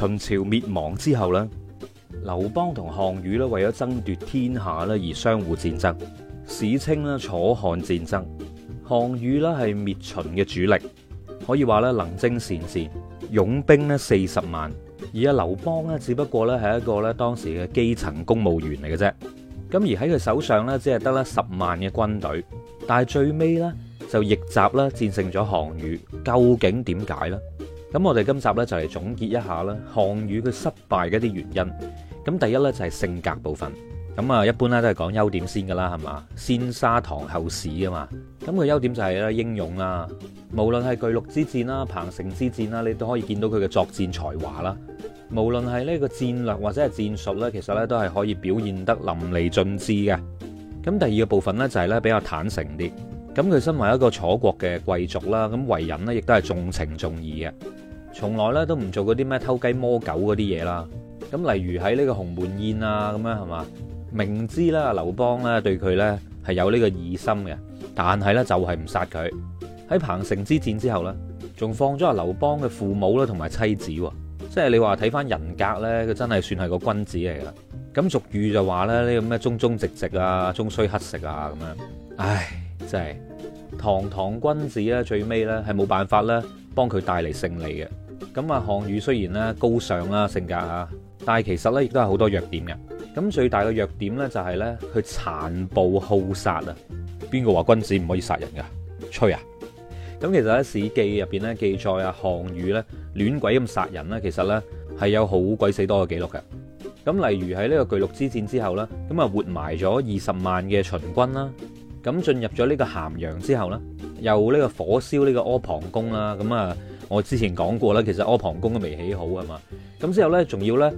秦朝滅亡之後咧，劉邦同項羽咧為咗爭奪天下咧而相互戰爭，史稱咧楚漢戰爭。項羽呢，係滅秦嘅主力，可以話咧能征善戰，勇兵呢，四十萬，而阿劉邦呢，只不過咧係一個咧當時嘅基層公務員嚟嘅啫。咁而喺佢手上咧只係得咧十萬嘅軍隊，但係最尾咧就逆襲啦，戰勝咗項羽。究竟點解呢？咁我哋今集呢，就嚟總結一下啦。項羽佢失敗嘅一啲原因，咁第一呢，就係性格部分。咁啊，一般呢都係講優點先噶啦，係嘛？先沙堂後史啊嘛。咁佢優點就係呢英勇啦，無論係巨鹿之戰啦、彭城之戰啦，你都可以見到佢嘅作戰才華啦。無論係呢個戰略或者係戰術呢，其實呢都係可以表現得淋漓盡致嘅。咁第二個部分呢，就係呢，比較坦誠啲。咁佢身為一個楚國嘅貴族啦，咁為人呢，亦都係重情重義嘅。從來咧都唔做嗰啲咩偷雞摸狗嗰啲嘢啦，咁例如喺呢個鴻門宴啊，咁樣係嘛？明知啦，劉邦咧對佢咧係有呢個疑心嘅，但係咧就係唔殺佢。喺彭城之戰之後咧，仲放咗阿劉邦嘅父母啦同埋妻子，即係你話睇翻人格咧，佢真係算係個君子嚟噶。咁俗語就話咧呢個咩忠忠直直啊，終須乞食啊咁樣，唉，真係堂堂君子咧最尾咧係冇辦法咧幫佢帶嚟勝利嘅。咁、嗯、啊，項羽雖然咧高尚啦性格啊，但係其實咧亦都係好多弱點嘅。咁最大嘅弱點咧就係咧佢殘暴好殺啊！邊個話君子唔可以殺人噶？吹啊！咁、嗯、其實喺《史記》入邊咧記載啊，項羽咧亂鬼咁殺人咧，其實咧係有好鬼死多嘅記錄嘅。咁例如喺呢個巨鹿之戰之後呢，咁啊活埋咗二十萬嘅秦軍啦，咁進入咗呢個咸陽之後咧，又呢個火燒呢個阿房宮啦，咁啊。我之前講過啦，其實阿房宮都未起好係嘛？咁之後咧仲要咧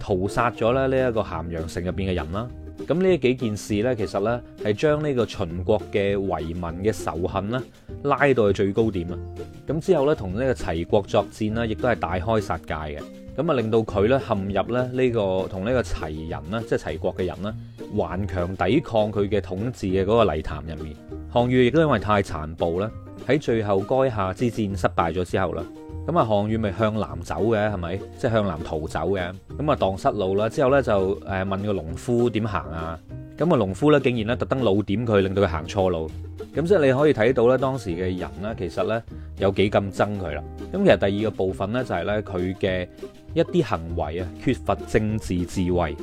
屠殺咗咧呢一個咸陽城入邊嘅人啦，咁呢幾件事咧其實咧係將呢將個秦國嘅遺民嘅仇恨啦拉到去最高點啊，咁之後咧同呢和這個齊國作戰啦，亦都係大開殺戒嘅，咁啊令到佢咧陷入咧、這、呢個同呢個齊人啦，即係齊國嘅人啦，頑強抵抗佢嘅統治嘅嗰個泥潭入面。項羽亦都因為太殘暴啦，喺最後垓下之戰失敗咗之後啦，咁啊項羽咪向南走嘅係咪？即係向南逃走嘅，咁啊蕩失路啦，之後呢就誒問個農夫點行啊，咁啊農夫呢，竟然呢特登老點佢，令到佢行錯路，咁即係你可以睇到呢當時嘅人呢，其實呢有幾咁憎佢啦。咁其實第二個部分呢，就係呢佢嘅一啲行為啊缺乏政治智慧，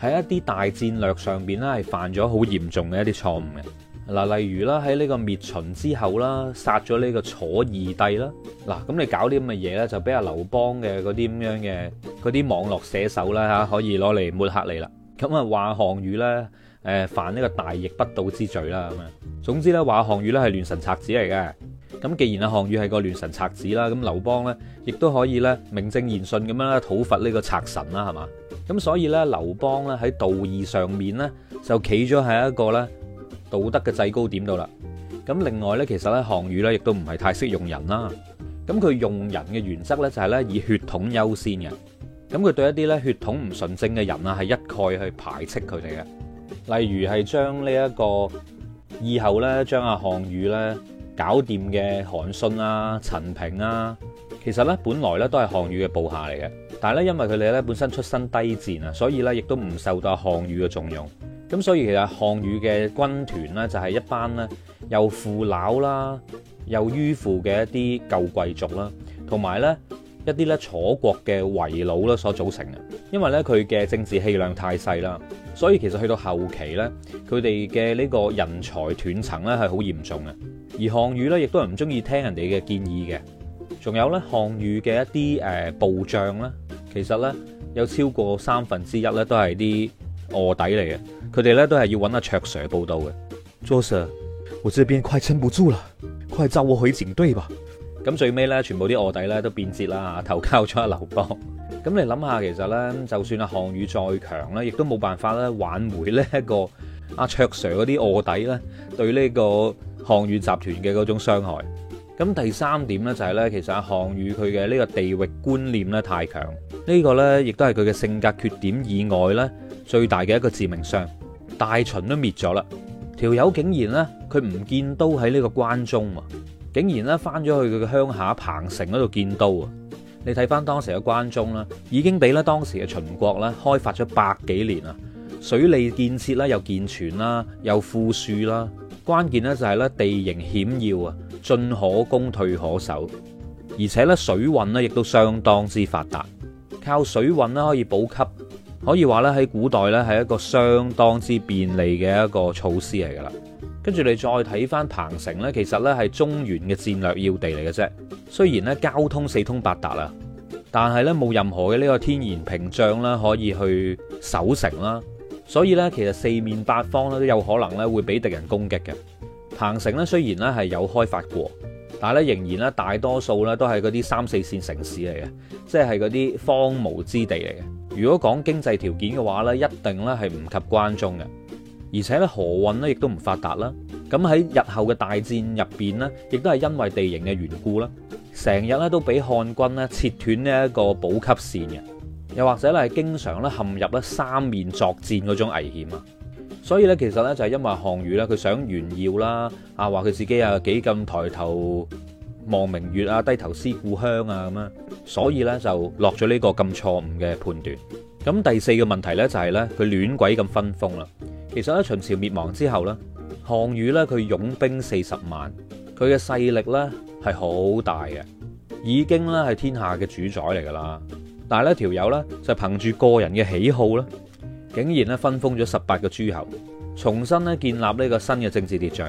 喺一啲大戰略上邊呢，係犯咗好嚴重嘅一啲錯誤嘅。嗱，例如啦，喺呢個滅秦之後啦，殺咗呢個楚義帝啦，嗱，咁你搞啲咁嘅嘢咧，就俾阿劉邦嘅嗰啲咁樣嘅嗰啲網絡寫手啦嚇，可以攞嚟抹黑你啦。咁啊，話項羽咧，誒犯呢個大逆不道之罪啦。咁樣，總之咧，話項羽咧係亂臣賊子嚟嘅。咁既然阿項羽係個亂臣賊子啦，咁劉邦咧亦都可以咧名正言順咁樣啦討伐呢個賊臣啦，係嘛？咁所以咧，劉邦咧喺道義上面咧就企咗喺一個咧。道德嘅制高點度啦，咁另外呢，其實呢項羽呢亦都唔係太識用人啦。咁佢用人嘅原則呢，就係呢以血統優先嘅，咁佢對一啲呢血統唔純正嘅人啊係一概去排斥佢哋嘅。例如係將呢一個以後呢，將阿項羽呢搞掂嘅韓信啊、陳平啊，其實呢本來呢都係項羽嘅部下嚟嘅，但係呢，因為佢哋呢本身出身低賤啊，所以呢亦都唔受到阿項羽嘅重用。咁所以其實項羽嘅軍團呢，就係一班咧又腐朽啦，又迂腐嘅一啲舊貴族啦，同埋咧一啲咧楚國嘅遺老啦，所組成嘅。因為咧佢嘅政治氣量太細啦，所以其實去到後期咧，佢哋嘅呢個人才斷層咧係好嚴重嘅。而項羽咧亦都係唔中意聽人哋嘅建議嘅。仲有咧項羽嘅一啲誒部將咧，其實咧有超過三分之一咧都係啲臥底嚟嘅。佢哋咧都係要揾阿卓 Sir 報道嘅。Jo Sir，我這邊快撐唔住啦，快找我返警隊吧。咁最尾咧，全部啲臥底咧都變節啦，投靠咗阿劉邦。咁你諗下，其實咧，就算阿、啊、項羽再強咧，亦都冇辦法咧挽回呢一個阿、啊、卓 Sir 嗰啲臥底咧對呢個項羽集團嘅嗰種傷害。咁第三點咧就係、是、咧，其實阿、啊、項羽佢嘅呢個地域觀念咧太強，這個、呢個咧亦都係佢嘅性格缺點以外咧最大嘅一個致命傷。大秦都滅咗啦，條友竟然呢，佢唔建都喺呢個關中啊，竟然呢翻咗去佢嘅鄉下彭城嗰度建都啊！你睇翻當時嘅關中啦，已經俾咧當時嘅秦國咧開發咗百幾年啊，水利建設咧又健全啦，又富庶啦，關鍵呢，就係咧地形險要啊，進可攻退可守，而且呢，水運呢亦都相當之發達，靠水運呢可以補給。可以話咧，喺古代咧係一個相當之便利嘅一個措施嚟噶啦。跟住你再睇翻彭城呢，其實呢係中原嘅戰略要地嚟嘅啫。雖然呢交通四通八達啊，但係呢冇任何嘅呢個天然屏障啦，可以去守城啦。所以呢，其實四面八方咧都有可能呢會俾敵人攻擊嘅。彭城呢雖然呢係有開發過，但係咧仍然呢大多數呢都係嗰啲三四線城市嚟嘅，即係係嗰啲荒蕪之地嚟嘅。如果講經濟條件嘅話咧，一定咧係唔及關中嘅，而且咧河運咧亦都唔發達啦。咁喺日後嘅大戰入邊咧，亦都係因為地形嘅緣故啦，成日咧都俾漢軍咧切斷呢一個補給線嘅，又或者咧係經常咧陷入呢三面作戰嗰種危險啊。所以呢，其實呢就係因為項羽咧，佢想炫耀啦，啊話佢自己啊幾咁抬頭。望明月啊，低頭思故鄉啊咁樣，所以呢，就落咗呢個咁錯誤嘅判斷。咁第四個問題呢，就係呢，佢亂鬼咁分封啦。其實喺秦朝滅亡之後呢，項羽呢，佢擁兵四十萬，佢嘅勢力呢係好大嘅，已經呢係天下嘅主宰嚟噶啦。但係呢條友呢，就憑住個人嘅喜好呢，竟然呢分封咗十八個諸侯，重新呢建立呢個新嘅政治秩序。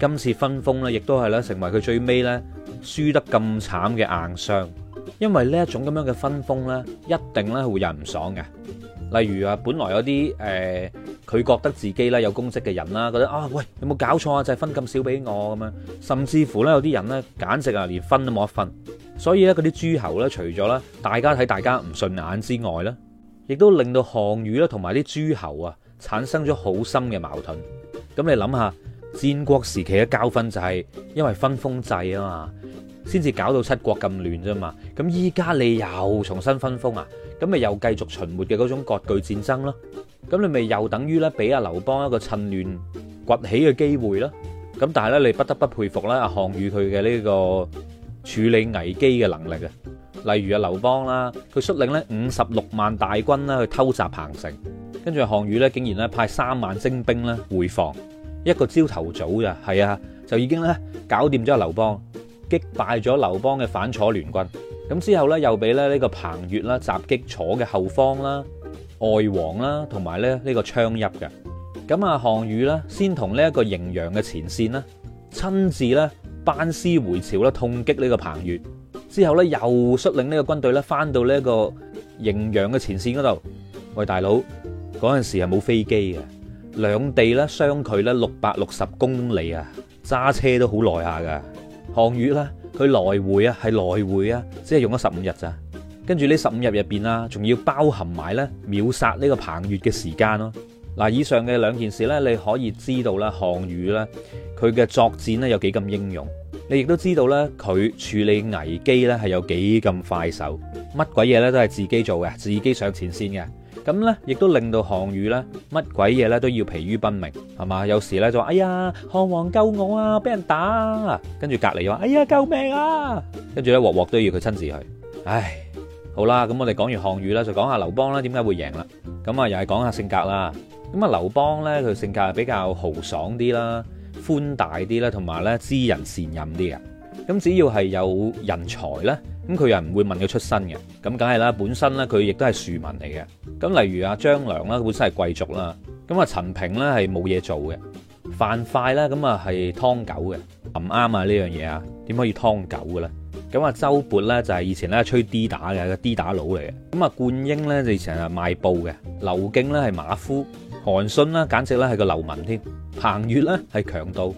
今次分封咧，亦都係咧成為佢最尾咧輸得咁慘嘅硬傷，因為呢一種咁樣嘅分封呢，一定咧係會人唔爽嘅。例如啊，本來有啲誒，佢、呃、覺得自己咧有功績嘅人啦，覺得啊喂，有冇搞錯啊，就係、是、分咁少俾我咁樣，甚至乎呢，有啲人呢，簡直啊連分都冇一分。所以呢，嗰啲諸侯呢，除咗咧大家睇大家唔順眼之外呢，亦都令到項羽咧同埋啲諸侯啊產生咗好深嘅矛盾。咁你諗下。戰國時期嘅教訓就係因為分封制啊嘛，先至搞到七國咁亂啫嘛。咁依家，你又重新分封啊，咁咪又繼續循環嘅嗰種割據戰爭咯。咁你咪又等於咧俾阿劉邦一個趁亂崛起嘅機會啦。咁但係咧，你不得不佩服阿、啊、項羽佢嘅呢個處理危機嘅能力啊。例如阿劉邦啦，佢率領呢五十六萬大軍啦，去偷襲彭城，跟住項羽咧竟然咧派三萬精兵咧回防。一個朝頭早啊，係啊，就已經咧搞掂咗劉邦，擊敗咗劉邦嘅反楚聯軍。咁之後咧，又俾咧呢個彭越啦襲擊楚嘅後方啦，外王啦，同埋咧呢個昌邑嘅。咁啊，項羽咧，先同呢一個滎陽嘅前線啦，親自咧班師回朝啦，痛擊呢個彭越。之後咧，又率領呢個軍隊咧翻到呢個滎陽嘅前線嗰度。喂，大佬，嗰陣時係冇飛機嘅。兩地咧相距咧六百六十公里啊，揸車都好耐下噶。項羽咧，佢來回啊係來回啊，只係用咗十五日咋。跟住呢十五日入邊啊，仲要包含埋咧秒殺呢個彭越嘅時間咯。嗱，以上嘅兩件事咧，你可以知道咧項羽咧佢嘅作戰咧有幾咁英勇，你亦都知道咧佢處理危機咧係有幾咁快手，乜鬼嘢咧都係自己做嘅，自己上前線嘅。咁呢，亦都令到項羽呢乜鬼嘢呢都要疲於奔命，係嘛？有時呢就話：哎呀，項王救我啊！俾人打，跟住隔離話：哎呀，救命啊！跟住呢，鑊鑊都要佢親自去。唉，好啦，咁我哋講完項羽啦，就講下劉邦啦，點解會贏啦？咁啊，又係講下性格啦。咁啊，劉邦呢，佢性格係比較豪爽啲啦，寬大啲啦，同埋呢知人善任啲嘅。咁只要係有人才呢。咁佢又唔會問佢出身嘅，咁梗係啦。本身咧佢亦都係庶民嚟嘅。咁例如阿張良啦，本身係貴族啦。咁啊陳平咧係冇嘢做嘅，樊噲咧咁啊係㓥狗嘅，唔啱啊呢樣嘢啊，點可以㓥狗嘅咧？咁啊周勃咧就係以前咧吹 D 打嘅，個 D 打佬嚟嘅。咁啊灌嬰咧就以前係賣布嘅，劉敬咧係馬夫，韓信啦簡直咧係個流民添，彭越咧係強盜，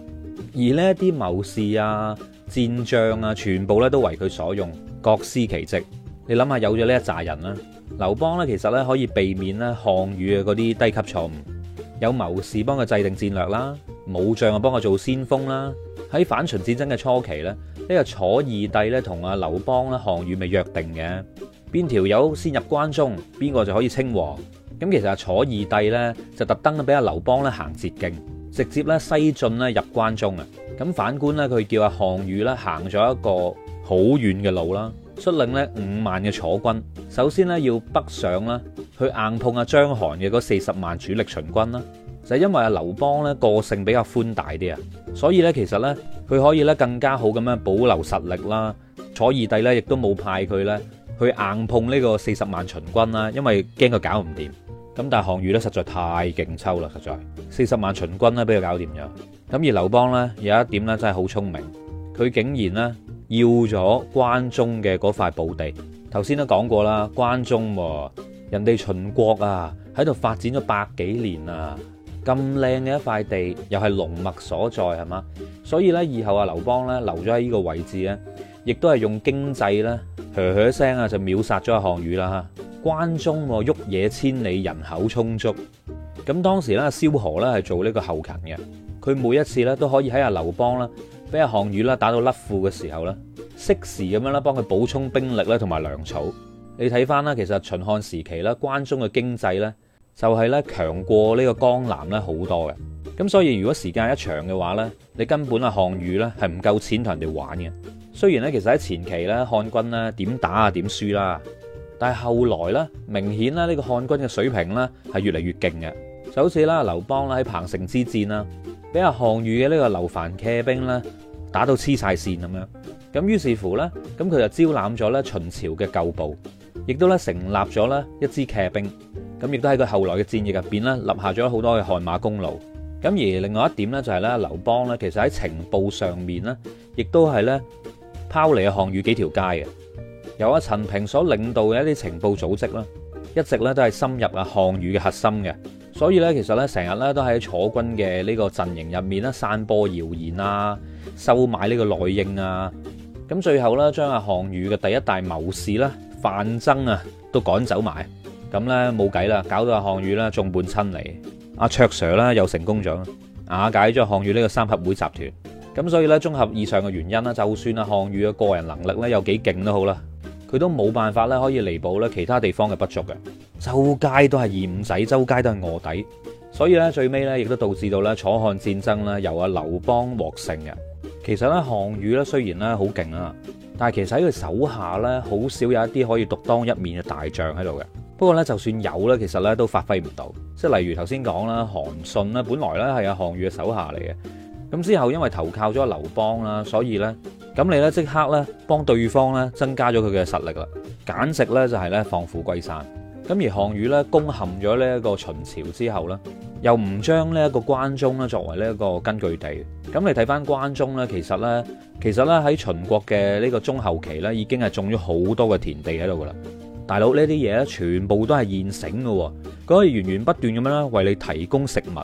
而呢一啲謀士啊、戰將啊，全部咧都為佢所用。各司其職，你諗下有咗呢一紮人啦，劉邦呢，其實呢可以避免咧項羽嘅嗰啲低級錯誤，有謀士幫佢制定戰略啦，武將啊幫佢做先鋒啦。喺反秦戰爭嘅初期呢，呢個楚二帝呢同阿劉邦呢項羽咪約定嘅，邊條友先入關中，邊個就可以稱王。咁其實啊楚二帝呢就特登咧俾啊劉邦呢行捷徑，直接咧西進咧入關中啊。咁反觀呢，佢叫阿項羽呢行咗一個。好遠嘅路啦，率領呢五萬嘅楚軍，首先呢，要北上啦，去硬碰阿章邯嘅嗰四十萬主力秦軍啦。就係因為阿劉邦呢個性比較寬大啲啊，所以呢，其實呢，佢可以呢更加好咁樣保留實力啦。楚二帝呢亦都冇派佢呢去硬碰呢個四十萬秦軍啦，因為驚佢搞唔掂。咁但係項羽呢，實在太勁抽啦，實在四十萬秦軍呢俾佢搞掂咗。咁而劉邦呢，有一點呢，真係好聰明，佢竟然呢。要咗關中嘅嗰塊寶地，頭先都講過啦，關中、啊，人哋秦國啊喺度發展咗百幾年啊，咁靚嘅一塊地，又係龍脈所在，係嘛，所以呢，以後啊劉邦呢，留咗喺呢個位置呢，亦都係用經濟呢，噓噓聲啊就秒殺咗項羽啦。關中喎，沃野千里，人口充足，咁當時呢，蕭何呢，係做呢個後勤嘅，佢每一次呢，都可以喺阿劉邦啦。俾阿項羽啦打到甩褲嘅時候咧，適時咁樣啦幫佢補充兵力咧同埋糧草。你睇翻啦，其實秦漢時期啦，關中嘅經濟咧就係咧強過呢個江南咧好多嘅。咁所以如果時間一長嘅話咧，你根本阿項羽咧係唔夠錢同人哋玩嘅。雖然咧其實喺前期咧漢軍咧點打啊點輸啦，但係後來咧明顯咧呢個漢軍嘅水平咧係越嚟越勁嘅。就好似啦，劉邦啦喺彭城之戰啦，俾阿項羽嘅呢個樓煩騎兵咧，打到黐晒線咁樣，咁於是乎呢，咁佢就招攬咗呢秦朝嘅舊部，亦都呢成立咗呢一支騎兵，咁亦都喺佢後來嘅戰役入邊呢立下咗好多嘅汗馬功勞。咁而另外一點呢、就是，就係呢劉邦呢，其實喺情報上面呢，亦都係呢拋離啊項羽幾條街嘅。由啊，陳平所領導嘅一啲情報組織啦，一直呢都係深入啊項羽嘅核心嘅，所以呢，其實呢成日呢都喺楚軍嘅呢個陣營入面呢散播謠言啊。收買呢個內應啊，咁最後呢，將阿項羽嘅第一大謀士啦范增啊都趕走埋，咁呢，冇計啦，搞到阿、啊、項羽啦眾叛親離，阿卓 Sir 啦又成功咗，瓦解咗項羽呢個三合會集團，咁所以呢，綜合以上嘅原因啦，就算阿、啊、項羽嘅個人能力呢，有幾勁都好啦，佢都冇辦法呢，可以彌補呢其他地方嘅不足嘅，周街都係二五仔，周街都係臥底，所以呢，最尾呢，亦都導致到呢，楚漢戰爭呢、啊，由阿劉邦獲勝嘅。其實咧，項羽咧雖然咧好勁啊，但係其實喺佢手下咧，好少有一啲可以獨當一面嘅大將喺度嘅。不過咧，就算有咧，其實咧都發揮唔到。即係例如頭先講啦，韓信咧，本來咧係阿項羽嘅手下嚟嘅。咁之後因為投靠咗劉邦啦，所以咧，咁你咧即刻咧幫對方咧增加咗佢嘅實力啦，簡直咧就係咧放虎歸山。咁而項羽咧攻陷咗呢一個秦朝之後咧，又唔將呢一個關中咧作為呢一個根據地，咁你睇翻關中呢，其實呢，其實呢，喺秦國嘅呢個中後期呢，已經係種咗好多嘅田地喺度噶啦。大佬，呢啲嘢呢全部都係現成嘅，佢可以源源不斷咁樣啦，為你提供食物。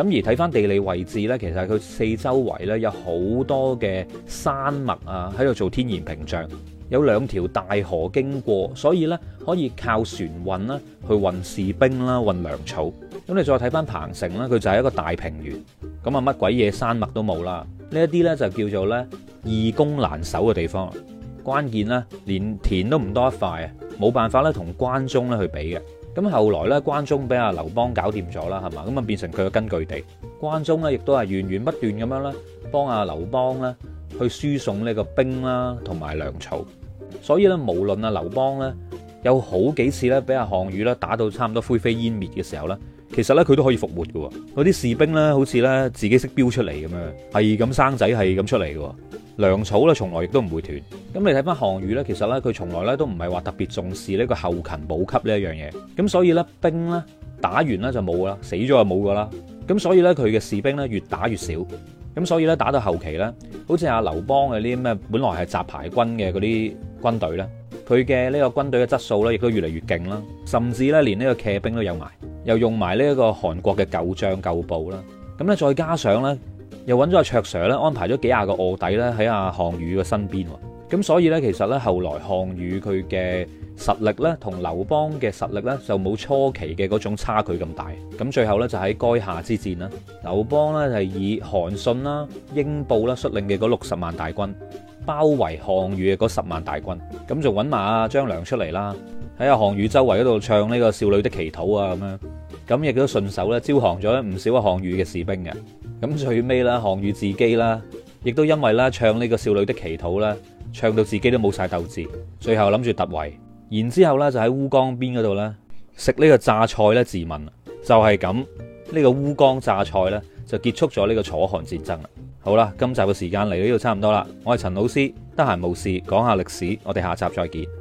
咁而睇翻地理位置呢，其實佢四周圍呢有好多嘅山脈啊，喺度做天然屏障，有兩條大河經過，所以呢可以靠船運啦，去運士兵啦、運糧草。咁你再睇翻彭城呢，佢就係一個大平原，咁啊乜鬼嘢山脈都冇啦。呢一啲呢就叫做呢易攻難守嘅地方，關鍵呢，連田都唔多一塊啊，冇辦法咧同關中咧去比嘅。咁後來咧，關中俾阿劉邦搞掂咗啦，係嘛？咁啊變成佢嘅根據地。關中咧，亦都係源源不斷咁樣呢，幫阿劉邦咧去輸送呢個兵啦，同埋糧草。所以咧，無論阿劉邦咧，有好幾次咧，俾阿項羽咧打到差唔多灰飛煙滅嘅時候咧，其實呢，佢都可以復活噶。嗰啲士兵呢，好似呢自己識飆出嚟咁樣，係咁生仔，係咁出嚟噶。糧草呢，從來亦都唔會斷。咁你睇翻項羽呢，其實呢，佢從來呢都唔係話特別重視呢個後勤補給呢一樣嘢。咁所以呢，兵呢打完呢就冇噶啦，死咗就冇噶啦。咁所以呢，佢嘅士兵呢越打越少。咁所以呢，打到後期呢，好似阿劉邦嘅啲咩本來係雜牌軍嘅嗰啲軍隊呢，佢嘅呢個軍隊嘅質素呢亦都越嚟越勁啦，甚至呢，連呢個騎兵都有埋。又用埋呢一個韓國嘅舊將舊部啦，咁咧再加上呢，又揾咗阿卓 Sir 咧安排咗幾廿個卧底咧喺阿項羽嘅身邊喎，咁所以呢，其實呢，後來項羽佢嘅實力呢，同劉邦嘅實力呢，就冇初期嘅嗰種差距咁大，咁最後呢，就喺垓下之戰啦，劉邦呢，就係以韓信啦、英布啦率領嘅嗰六十萬大軍包圍項羽嘅嗰十萬大軍，咁就揾埋阿張良出嚟啦。喺啊，項羽周圍嗰度唱呢個少女的祈禱啊，咁樣咁亦都順手咧招降咗唔少啊項羽嘅士兵嘅。咁最尾啦，項羽自己啦，亦都因為啦唱呢個少女的祈禱啦，唱到自己都冇晒鬥志，最後諗住突圍，然之後咧就喺烏江邊嗰度咧食呢個榨菜咧自刎。就係咁，呢個烏江榨菜咧就結束咗呢個楚漢戰爭啦。好啦，今集嘅時間嚟到呢度差唔多啦。我係陳老師，得閒無事講下歷史，我哋下集再見。